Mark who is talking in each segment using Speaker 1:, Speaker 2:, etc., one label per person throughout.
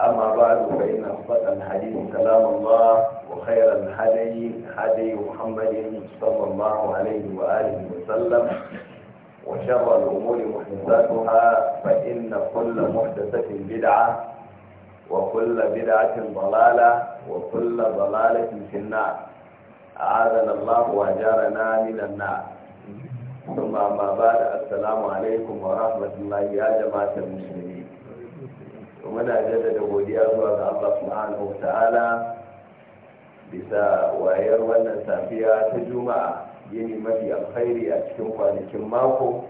Speaker 1: أما بعد فإن أصدق الحديث كلام الله وخير الحدي حدي محمد صلى الله عليه وآله وسلم وشر الأمور محدثاتها فإن كل محدثة بدعة وكل بدعة ضلالة وكل ضلالة في النار أعاذنا الله وأجارنا من النار ثم أما بعد السلام عليكم ورحمة الله يا جماعة المسلمين muna jaddada godiya zuwa ga Allah subhanahu wa bisa wayar wannan safiya ta juma'a yini mafi alkhairi a cikin kwanakin mako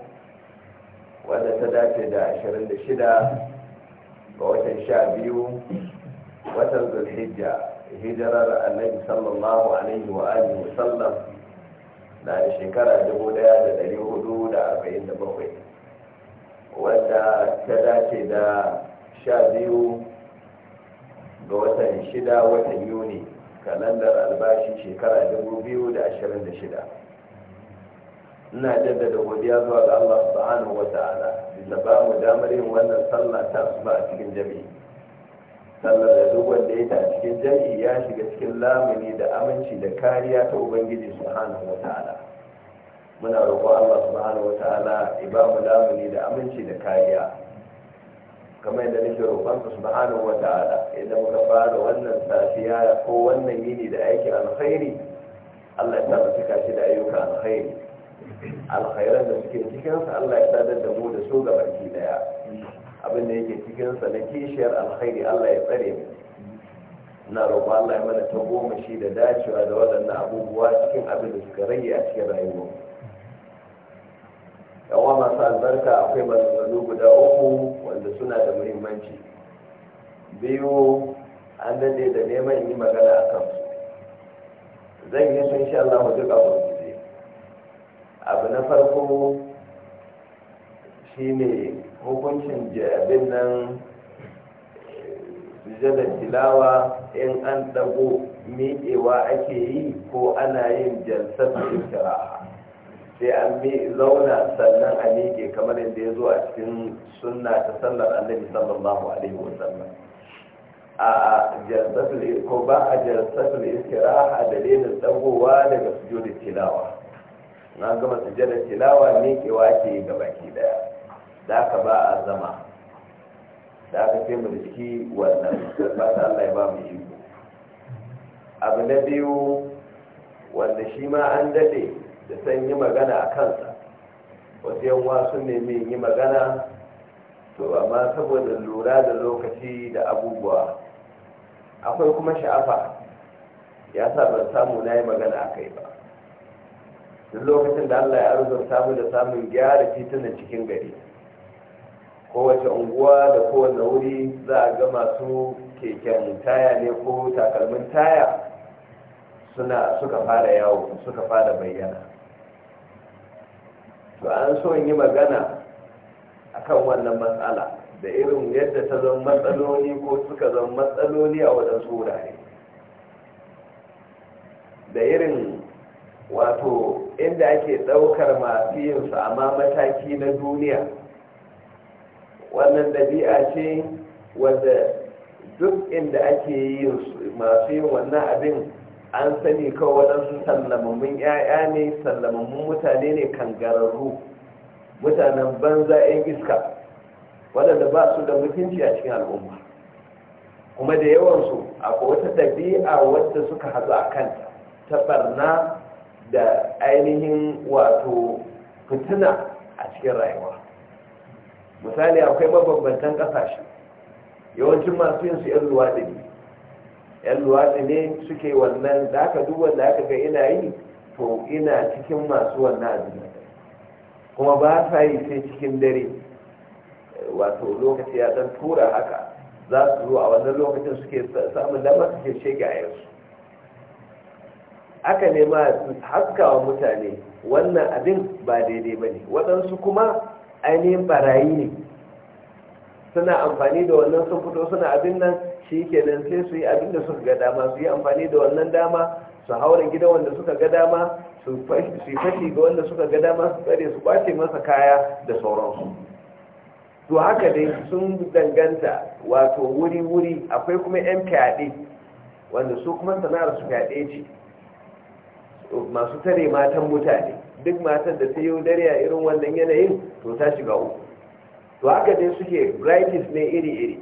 Speaker 1: wadda ta dace da 26 ga watan 12 watan zulhijja hijirar annabi sallallahu alaihi wa alihi wa sallam na da shekara 1447 wadda ta dace da sha biyu ga watan shida watan yuni kalandar albashi shekara dubu biyu da ashirin da shida ina jaddada godiya zuwa ga allah subhanahu wa ta'ala da ba mu damar yin wannan sallah ta asuba a cikin jami'i sallar da duk wanda ya ta a cikin jami'i ya shiga cikin lamuni da aminci da kariya ta ubangiji subhanahu wa ta'ala muna roƙon allah subhanahu wa ta'ala ya ba mu lamuni da aminci da kariya kamar da nake roƙon su subhanahu wata'ala idan muka fara wannan safiya ko wannan yini da aikin alkhairi Allah ya sa cika shi da ayyuka alkhairi alkhairan da suke cikin sa Allah ya sadar da mu da su ga baki daya abin da yake cikin sa na kishiyar alkhairi Allah ya tsare mu na roƙo Allah ya mana ta shi da dacewa da waɗannan abubuwa cikin abin da suka rage a cikin rayuwarmu yawa masu albarka akwai maganganu guda uku wanda suna da muhimmanci biyu an dade da neman yi magana a kansu zan yi su insha Allah duk a abu na farko shine hukuncin jabin nan sujadar tilawa in an dago miƙewa ake yi ko ana yin jalsar da sai an zauna sannan a miƙe kamar yadda ya zo a cikin sunna ta sallar annabi sallallahu alaihi wasallam a jalsatul ko ba a jalsatul istiraha dalilin dagowa daga sujudi tilawa na gama da tilawa miƙewa ke ga baki daya da aka ba a zama da aka fi mu jiki wannan ba ta Allah ya ba mu iko abu na biyu wanda shi ma an dade da san yi magana a kansa wasu yanwa sun nemi yi magana to amma saboda lura da lokaci da abubuwa akwai kuma sha'afa ya sa ban samu na yi magana a kai ba duk lokacin da allah ya arzuta samu da samun gyara titunan cikin gari kowace unguwa da kowane wuri za a ga masu keken taya ne ko takalmin taya suka fara yawo suka fara bayyana to an so in yi magana akan wannan matsala da irin yadda ta zama matsaloli ko suka zama matsaloli a waɗansu wurare da irin wato inda ake ɗaukar masu yinsu amma mataki na duniya wannan ɗabi'a ce wanda duk inda ake masu yin wannan abin an sani kawai waɗansu sallamamun 'ya'ya ne sallamamun mutane ne kangararru mutanen banza 'yan iska waɗanda ba su da mutunci a cikin al'umma kuma da yawansu akwai wata ɗabi'a wadda suka hazu a kanta ta barna da ainihin wato fituna a cikin rayuwa misali akwai mabambantan ƙasashe yawancin masu yin su 'yan luwaɗi ne yan luwaɗi ne suke wannan da aka aka ga ina yi to ina cikin masu wannan abin kuma ba sa yi sai cikin dare wato lokaci ya dan tura haka za su zo a wannan lokacin suke samun damar suke shege a yansu aka nema haskawa mutane wannan abin ba daidai ba ne waɗansu kuma ainihin barayi ne suna amfani da wannan sun fito suna abin nan shi kenan sai su yi abin da suka ga dama su yi amfani da wannan dama su haura gidan wanda suka ga dama su yi fashi ga wanda suka ga dama su tsare su kwace masa kaya da sauransu to haka dai sun danganta wato wuri-wuri akwai kuma 'yan fyaɗe wanda su kuma sana'ar su fyaɗe ce masu tare matan mutane duk matan da ta yi dare a irin wannan yanayin to ta shiga uku to haka dai suke brightness ne iri-iri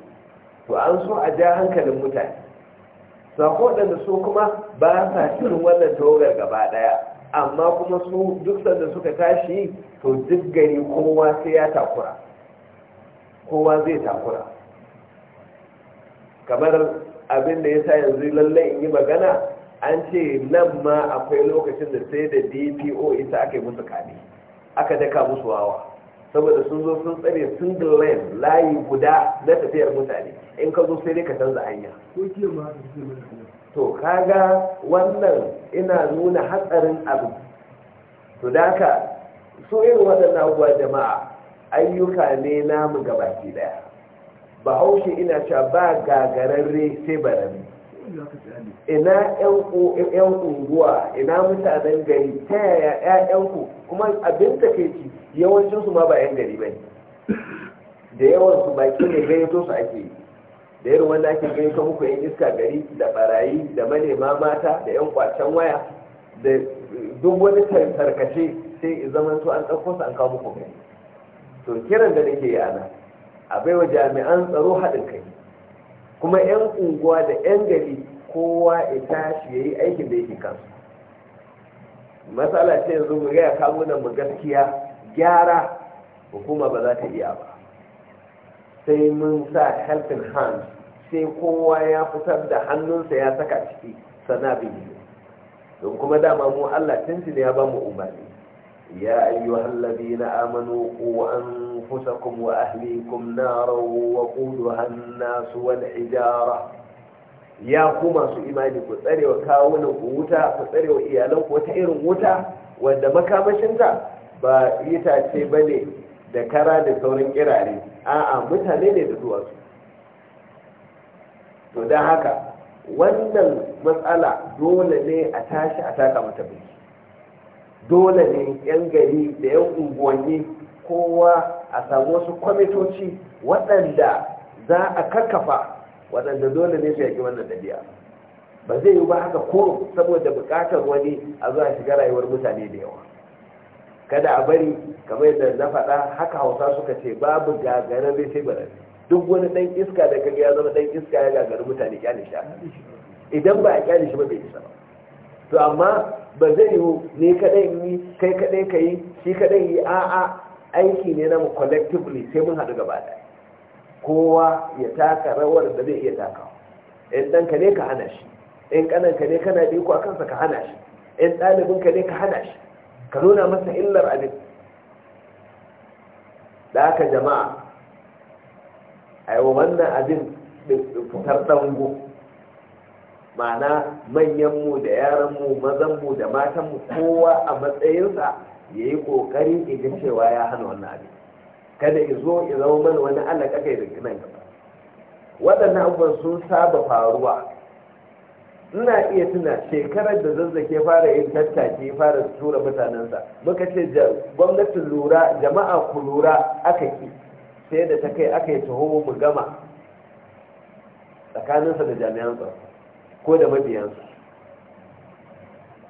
Speaker 1: to an so a ja hankalin mutane sako waɗanda su kuma ba sa cin wannan tawagar gaba ɗaya amma kuma su duk sanda suka tashi to duk gari kowa sai ya takura kowa zai takura kamar abin da ya sa yanzu lallai in yi magana an ce nan ma akwai lokacin da sai da dpo isa ake musu kame aka daka musu wawa saboda sun zo sun tsare single lane layi guda na tafiyar mutane in ka zo sai dai ka canza hanya to kaga wannan ina nuna hatsarin abu to daka so irin waɗannan abubuwa jama'a ayyuka ne namu gabaki daya bahaushe ina cewa ba gagararre sai barami ina yan unguwa ina mutanen gari ta yaya 'ya'yanku? kuma abin da ke ci yawancinsu ma ba yan gari bane da yawan su baki ne to su ake yi da irin wanda ake gani gayyato muku yan iska gari da barayi da manema mata da yan kwacen waya da duk wani tarkace sai zaman su an ɗauko su an kawo muku gari to kiran da nake yi ana a baiwa jami'an tsaro haɗin kai kuma 'yan unguwa da 'yan gari kowa ya tashi ya yi aikin da yake kansu matsala ce yanzu mu gaya kamunan mu gaskiya gyara hukuma ba za ta iya ba sai mun sa helping hand sai kowa ya fitar da hannunsa ya saka ciki sana biyu don kuma dama mu Allah ne ya ba mu umarni ya ayyuhallazina amanu qu an أنفسكم وأهليكم نارا وقودها الناس والحجارة يا كما سو إيماني كتري وكاونا ووتا كتري وإيالوك وتعير ووتا وإذا ما كامشنتا بإيتا تيباني دكارا لثورين كراري آآ متهلين لدواسو to don haka wannan matsala dole ne a tashi a taka mata biki dole ne yan gari da yan unguwanni kowa a samu wasu kwamitoci waɗanda za a karkafa waɗanda dole ne su yaƙi wannan ɗabi'a ba zai yi ba haka ko saboda buƙatar wani a zuwa shiga rayuwar mutane da yawa kada a bari kamar yadda na faɗa haka hausa suka ce babu zai sai duk wani ɗan iska da kaga ya zama ɗan iska ya gagarar mutane kyale shi idan ba a kyale shi ba bai isa ba to amma ba zai yi ne kaɗai yi kai kaɗai ka yi shi kaɗai yi a'a aiki ne na mu collectively sai mun haɗu gaba ɗaya kowa ya taka rawar da zai iya taka in ɗanka ne ka hana shi in ƙananka ne kana da iko a kansa ka hana shi in ɗalibinka ne ka hana shi ka nuna masa illar abin da haka jama'a a yi wannan abin fitar dango ma'ana manyanmu da yaranmu mazanmu da matanmu kowa a matsayinsa ya yi ƙoƙarin idan cewa ya hana wannan abin kada ya zo ya zama mana wani allah kakai da nan gaba waɗannan abubuwan sun saba faruwa ina iya tuna shekarar da zazzake fara yin tattaki fara tura mutanensa muka ce gwamnatin lura jama'a ku lura aka ki sai da ta kai aka yi taho mu gama tsakaninsa da jami'an tsaro ko da mabiyansa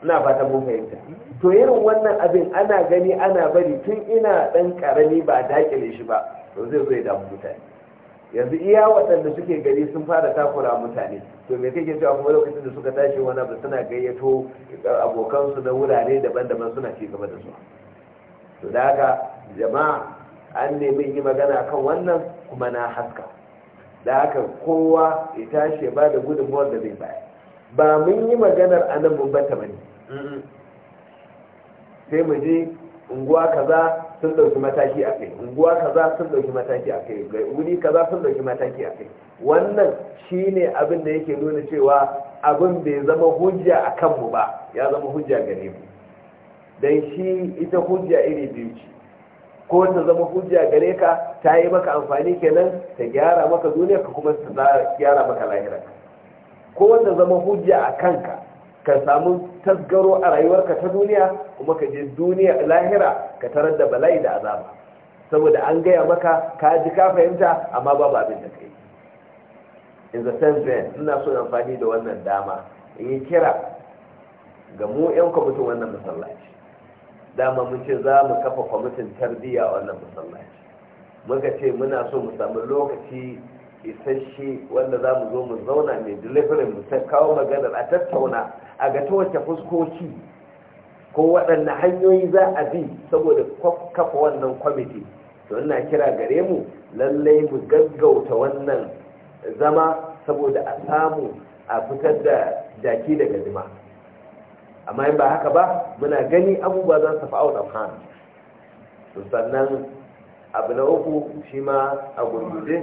Speaker 1: ina fatan mun fahimta to yin wannan abin ana gani ana bari tun ina dan karami ba a dakile shi ba to zai zai ya damu mutane yanzu iya waɗanda suke gari sun fara takura mutane to me kake cewa kuma lokacin da suka tashi wani abu suna gayyato abokansu na wurare daban-daban suna ci gaba da su to da haka jama'a an nemi yi magana kan wannan kuma na haska da haka kowa ya tashi ba da gudunmuwar da zai baya ba mun yi maganar anan mun bata bane sai mu je unguwa kaza sun dauki mataki a kai unguwa kaza sun dauki mataki a kai wuri kaza sun dauki mataki a kai wannan shine abin da yake nuna cewa abin bai zama hujja a kanmu ba ya zama hujja gare mu dan shi ita hujja iri biyu ce ko ta zama hujja gare ka ta yi maka amfani kenan ta gyara maka duniya ka kuma ta gyara maka lahirarka ko wanda zama hujja a kanka ka samu tasgaro a rayuwarka ta duniya kuma ka je duniya lahira ka tarar da bala'i da azaba saboda an gaya maka ka ji ka fahimta amma babu abin da kai in the sense then ina so amfani da wannan dama in yi kira ga mu 'yan kwamitin wannan masallaci dama mun ce za mu kafa kwamitin tarbiyya wannan masallaci muka ce muna so mu samu lokaci isasshe wanda za mu zo mu zauna mai delivery mu kawo maganar a tattauna a ga ta wace fuskoki ko waɗanne hanyoyi za a bi saboda kafa wannan kwamiti to ina kira gare mu lallai mu gaggauta wannan zama saboda a samu a fitar da jaki daga jima amma in ba haka ba muna gani abubuwa za su fa'aut of hand to sannan abu na uku shi ma a gurguje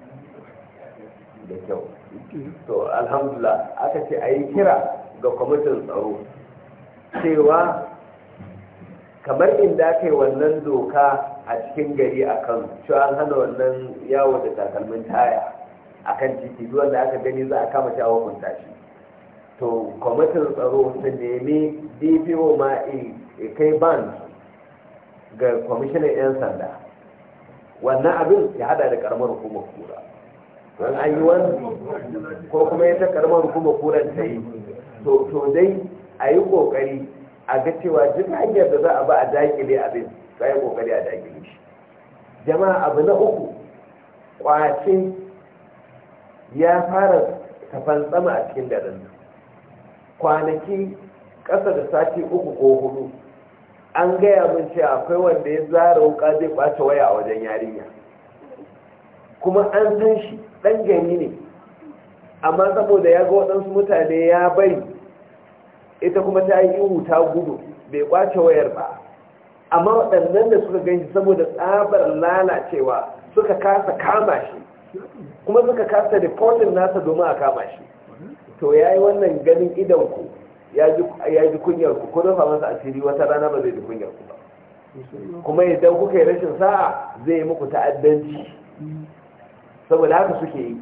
Speaker 1: da kyau to alhamdulillah aka ce a yi kira ga kwamitin tsaro cewa kamar inda aka yi wannan doka a cikin gari a kan cewa an hana wannan yawo da takalmin taya a kan titi duk da aka gani za a kama shi a hukunta shi to kwamitin tsaro su nemi dpo ma a kai ban ga kwamishinan 'yan sanda wannan abin ya hada da karamar hukumar kura an wanzu ko kuma ya ta karbar kuma kuran ta yi to dai a yi kokari a ga cewa duk hanyar da za a ba a dakile abin za a yi kokari a dakile shi jama'a abu na uku kwace ya fara sama a cikin daren kwanaki ƙasa da sati uku ko hudu an gaya min cewa akwai wanda ya zara wuka zai ɓata waya a wajen yarinya kuma an san shi ɗan gani ne amma saboda ya ga waɗansu mutane ya bari, ita kuma ta yi ihu ta gudu bai kwace wayar ba amma waɗannan da suka ganshi saboda tsabar lalacewa suka kasa kama shi kuma suka kasa reportin nasa domin a kama shi to ya yi wannan ganin idanku ya ji kunyarku ko fama masa asiri wata rana ba zai ji kunyarku ba kuma idan kuka yi rashin sa'a zai yi muku ta'addanci saboda haka suke yi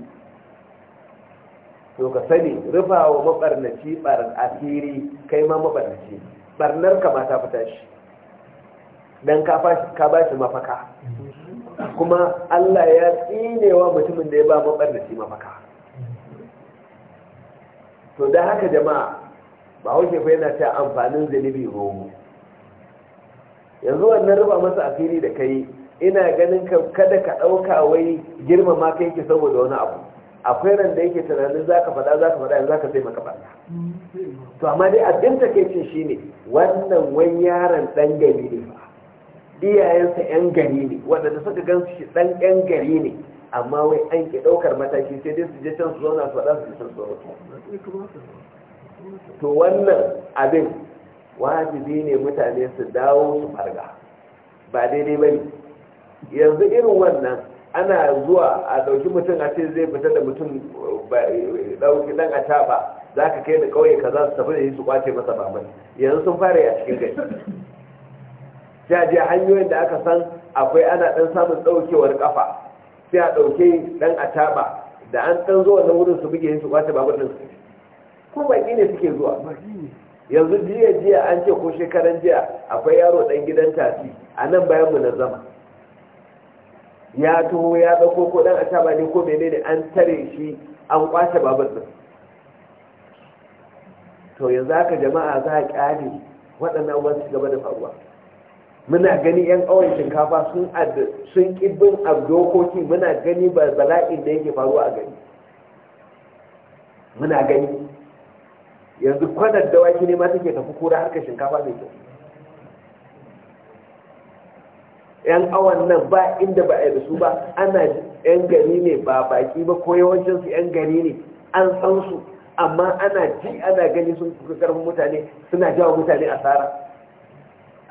Speaker 1: to ka sani rufa wa mabarnaci bar asiri kai ma mabarnaci barnar ka ba ta fita shi dan ka ba shi mafaka kuma Allah ya tsine wa mutumin da ya ba mabarnaci mafaka to da haka jama'a ba hauke fa yana ta amfanin zalibi romo yanzu wannan rufa masa asiri da kai ina ganin kada ka ɗauka wai girmama ka yake saboda wani abu akwai ran da yake tunanin za ka faɗa za ka faɗa za ka zai maka faɗa to amma dai abin cin shi ne wannan wani yaron ɗan gari ne fa. iyayensa ƴan gari ne waɗanda suka gan shi ɗan ƴan gari ne amma wai an ki ɗaukar mataki sai dai su je can su zauna su faɗa su je can su to wannan abin wajibi ne mutane su dawo su farga ba daidai ba ne yanzu irin wannan ana zuwa a dauki mutum a ce zai fita da mutum dauki dan a taba za ka kai da ka za su tafi da shi su kwace masa babban yanzu sun fara a cikin gari jaje hanyoyin da aka san akwai ana dan samun daukewar kafa sai a dauke dan a taba da an dan zo wannan wurin su buge su kwace babban din su ko baƙi ne suke zuwa yanzu jiya jiya an ce ko shekaran jiya akwai yaro dan gidan tafi a nan bayan mu na zama ya taho ya dauko ko dan asaba ne ko menene an tare shi an kwace babar din to yanzu haka jama'a za a kyale waɗannan wasu gaba da faruwa muna gani yan ƙawon shinkafa sun sun kibbin abdokoki muna gani ba bala'in da yake faruwa a gani muna gani yanzu kwanar dawaki ne ma take tafi kura harkar shinkafa mai kyau yan awan nan ba inda ba a da su ba ana yan gari ne ba baki ba ko yawancin su yan gari ne an san su amma ana ji ana gani sun kuka karfin mutane suna jawo mutane asara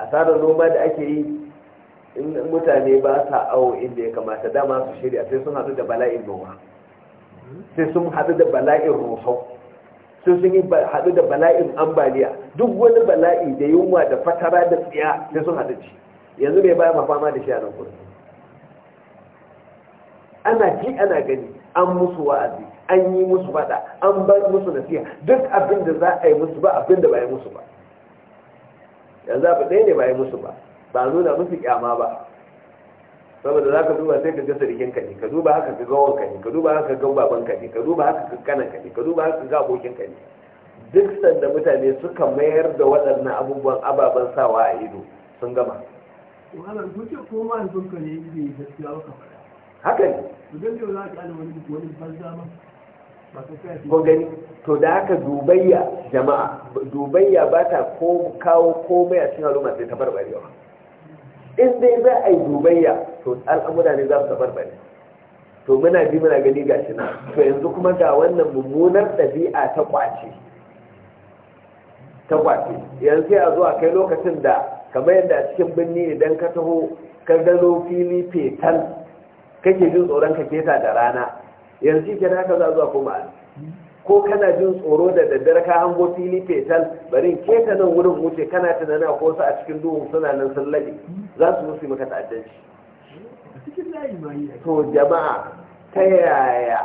Speaker 1: asarar noma da ake yi in mutane ba sa awo inda ya kamata dama su shirya sai sun hadu da bala'in noma sai sun hadu da bala'in rusau sai sun yi hadu da bala'in ambaliya duk wani bala'i da yunwa da fatara da tsiya sai sun haɗu ci yanzu mai baya mafama da shi a nan kudu ana ji ana gani an musu wa'azi an yi musu fada an bar musu nasiha duk abin da za a yi musu ba abin da ba yi musu ba yanzu abu ɗaya ne ba yi musu ba ba nuna musu kyama ba saboda za ka duba sai ka ga sarikin ka ne ka duba haka ka gawon ka ne ka duba haka ka baban ka ne ka duba haka ka kanan ka ne ka duba haka ka abokin ka ne duk sanda mutane suka mayar da waɗannan abubuwan ababen sawa a ido sun gama malam ko ce ko ma yanzu ka ne bai gaskiya ba kamar faɗa haka ne to dan da za ka ana wani wani banza ma ko gani to da haka dubayya jama'a dubayya ba ta ko kawo komai a cikin al'umma sai ta barbarewa in dai za a yi dubayya to al'amura ne za su barbare to muna bi muna gani ga shi nan to yanzu kuma ga wannan mummunar ɗabi'a ta kwace ta kwace yanzu sai a zo a kai lokacin da kamar yadda a cikin birni idan ka taho ka gano fili fetal kake jin tsoron ka keta da rana yanzu ke haka za zuwa kuma ko kana jin tsoro da daddare ka hango fili fetal bari? keta nan wurin wuce kana tunani a kosa a cikin duhun suna nan sun laɗe za su musu maka ta'addanci to jama'a ta yaya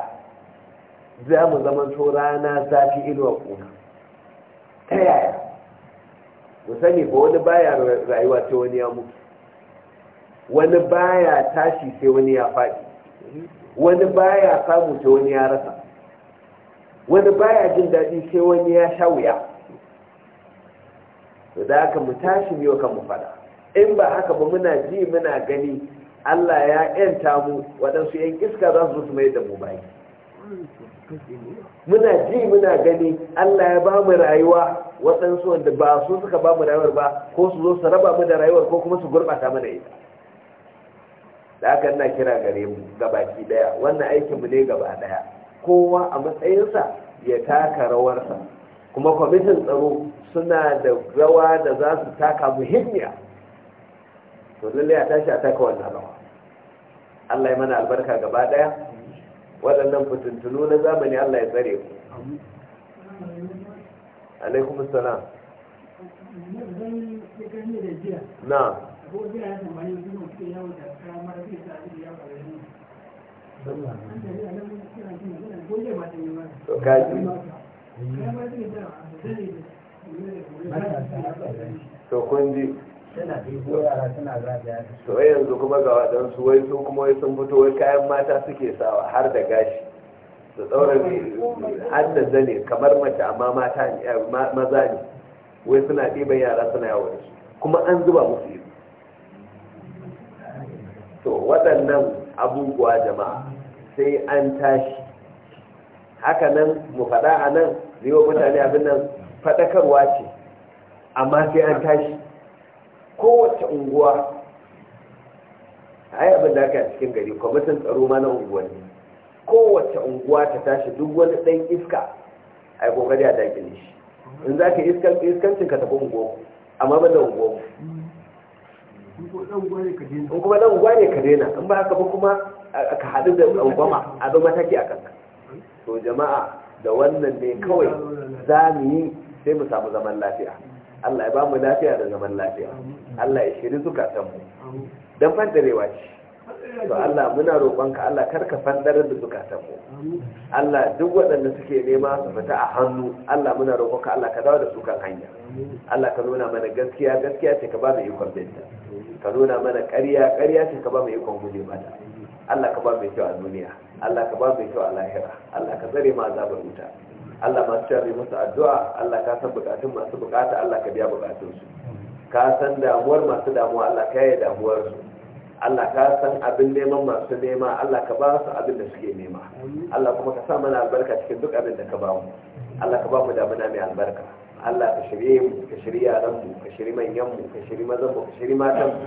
Speaker 1: za mu zama to rana zafi inuwa kuma ta yaya ku sani ba wani baya rayuwa sai wani ya mutu wani baya tashi sai wani ya faɗi wani baya samu sai wani ya rasa wani baya jin daɗi sai wani ya sha wuya da haka mu tashi ne kan mu fada in ba haka ba muna ji muna gani Allah ya 'yanta mu waɗansu 'yan iska za su zo su mai da mu baki muna ji muna gani Allah ya ba mu rayuwa waɗansu wanda ba su suka ba mu rayuwar ba ko su zo su raba mu da rayuwar ko kuma su gurɓata mana ita da haka ina kira gare mu gabaki daya wannan aikin mu ne gaba daya kowa a matsayinsa ya taka rawarsa kuma kwamitin tsaro suna da rawa da za su taka muhimmiya to lallai a tashi a taka wannan rawa Allah ya mana albarka gaba ɗaya. waɗannan fitintunu na zamani Allah ya tsare ku alaikum salam na to kun ji to yanzu kuma ga waɗansu wai su kuma wai sun fito wai kayan mata suke sawa har da gashi su tsaurin har da zane kamar mace amma mata eh, maza ne wai suna ɗiban yara suna yawon su kuma an zuba musu ido to waɗannan abubuwa jama'a sai an tashi haka nan mu faɗa a nan yi wa mutane abin nan faɗakarwa ce amma sai an tashi kowace unguwa yi abin da aka cikin gari kwamitin tsaro ma na unguwanni kowace unguwa ta tashi duk wani ɗan iska yi kokari a dakile shi in za ka iskan iskancin ka tafi unguwa amma ba da unguwa in kuma ɗan unguwa ne ka daina in ba haka ba kuma ka haɗu da unguwa a bi mataki a kanka to jama'a da wannan ne kawai za mu yi sai mu samu zaman lafiya Allah ya ba mu lafiya da zaman lafiya Allah ya shiri mu don fantarewa ce to Allah muna roƙonka Allah karka fandare da mu Allah duk waɗanda suke nema su fita a hannu Allah muna roƙonka Allah ka dawo da su kan hanya Allah ka nuna mana gaskiya gaskiya ce ka ba mu ikon binta ka nuna mana ƙarya ƙarya ce ka ba mu ikon guje mata Allah ka ba mu kyau a duniya Allah ka ba mu kyau a lahira Allah ka tsare mu azabar wuta Allah ma share masa addu'a Allah ka san bukatun masu bukata Allah ka biya bukatun su ka san damuwar masu damuwa Allah ka yi damuwar Allah ka san abin neman masu nema Allah ka ba su abin da suke nema Allah kuma ka sa mana albarka cikin duk abin da ka ba mu Allah ka ba mu damuna mai albarka Allah ka shirye mu ka shirya yaran ka shirye manyan mu ka shirye mazan ka shirye matan mu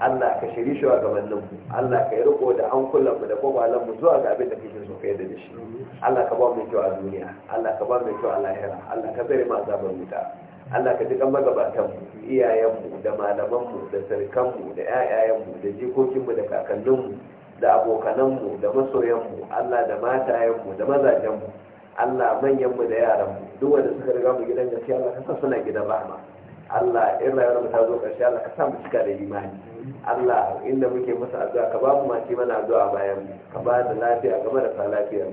Speaker 1: Allah ka shiri shi a gabanin mu Allah ka yi riko da an kullum mu da kwakwalan mu zuwa ga abin da kake so kai da shi Allah ka ba mu kyau a duniya Allah ka ba mu kyau a lahira Allah ka tsare mu azabar wuta Allah ka dukan magabatan mu iyayen mu da malaman mu da sarkan mu da ƴaƴayen mu da jikokin mu da kakannin mu da abokanan mu da masoyan mu Allah da matayen mu da mazajen mu Allah manyan mu da yaran mu duk wanda suka riga mu gidan gaskiya Allah ka sa suna gidan rahama Allah in rayuwar mu ta zo ƙarshe, Allah ka sa mu cika da imani Allah inda muke masa addu'a ka ba mu mace mana addu'a bayan ka ba da lafiya ga marasa lafiya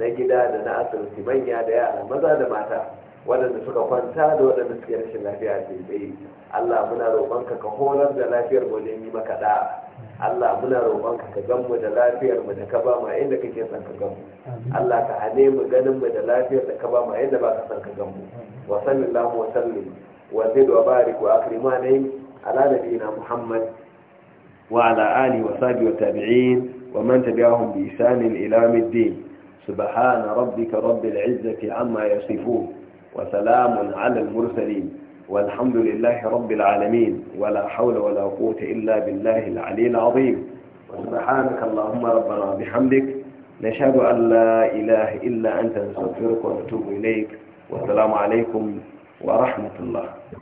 Speaker 1: na gida da na asibiti manya da yara maza da mata waɗanda suka kwanta da waɗanda suke rashin lafiya a tsaye Allah muna roƙonka ka horar da lafiyar mu yi maka da'a Allah muna roƙonka ka gan mu da lafiyar mu da ka ba mu inda kake son ka gan mu Allah ka hane mu ganin mu da lafiyar da ka ba mu inda ba ka son ka gan mu wa sallallahu wa sallim وزد وبارك وأكرم على نبينا محمد وعلى آله وصحبه والتابعين ومن تبعهم بإحسان إلى الدين سبحان ربك رب العزة عما يصفون وسلام على المرسلين والحمد لله رب العالمين ولا حول ولا قوة إلا بالله العلي العظيم وسبحانك اللهم ربنا بحمدك نشهد أن لا إله إلا أنت نستغفرك ونتوب إليك والسلام عليكم wa rahmatullah